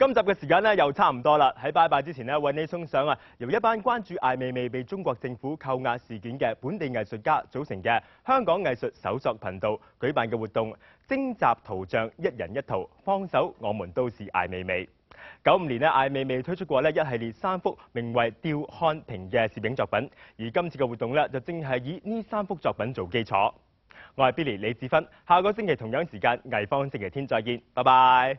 今集嘅時間咧又差唔多啦，喺拜拜之前咧，為你送上啊由一班關注艾未未被中國政府扣押事件嘅本地藝術家組成嘅香港藝術搜作頻道舉辦嘅活動徵集圖像一人一套，放手，我們都是艾未未。九五年咧，艾未未推出過咧一系列三幅名為《吊漢瓶》嘅攝影作品，而今次嘅活動咧就正係以呢三幅作品做基礎。我係 Billy 李志芬，下個星期同樣時間藝坊星期天再見，拜拜。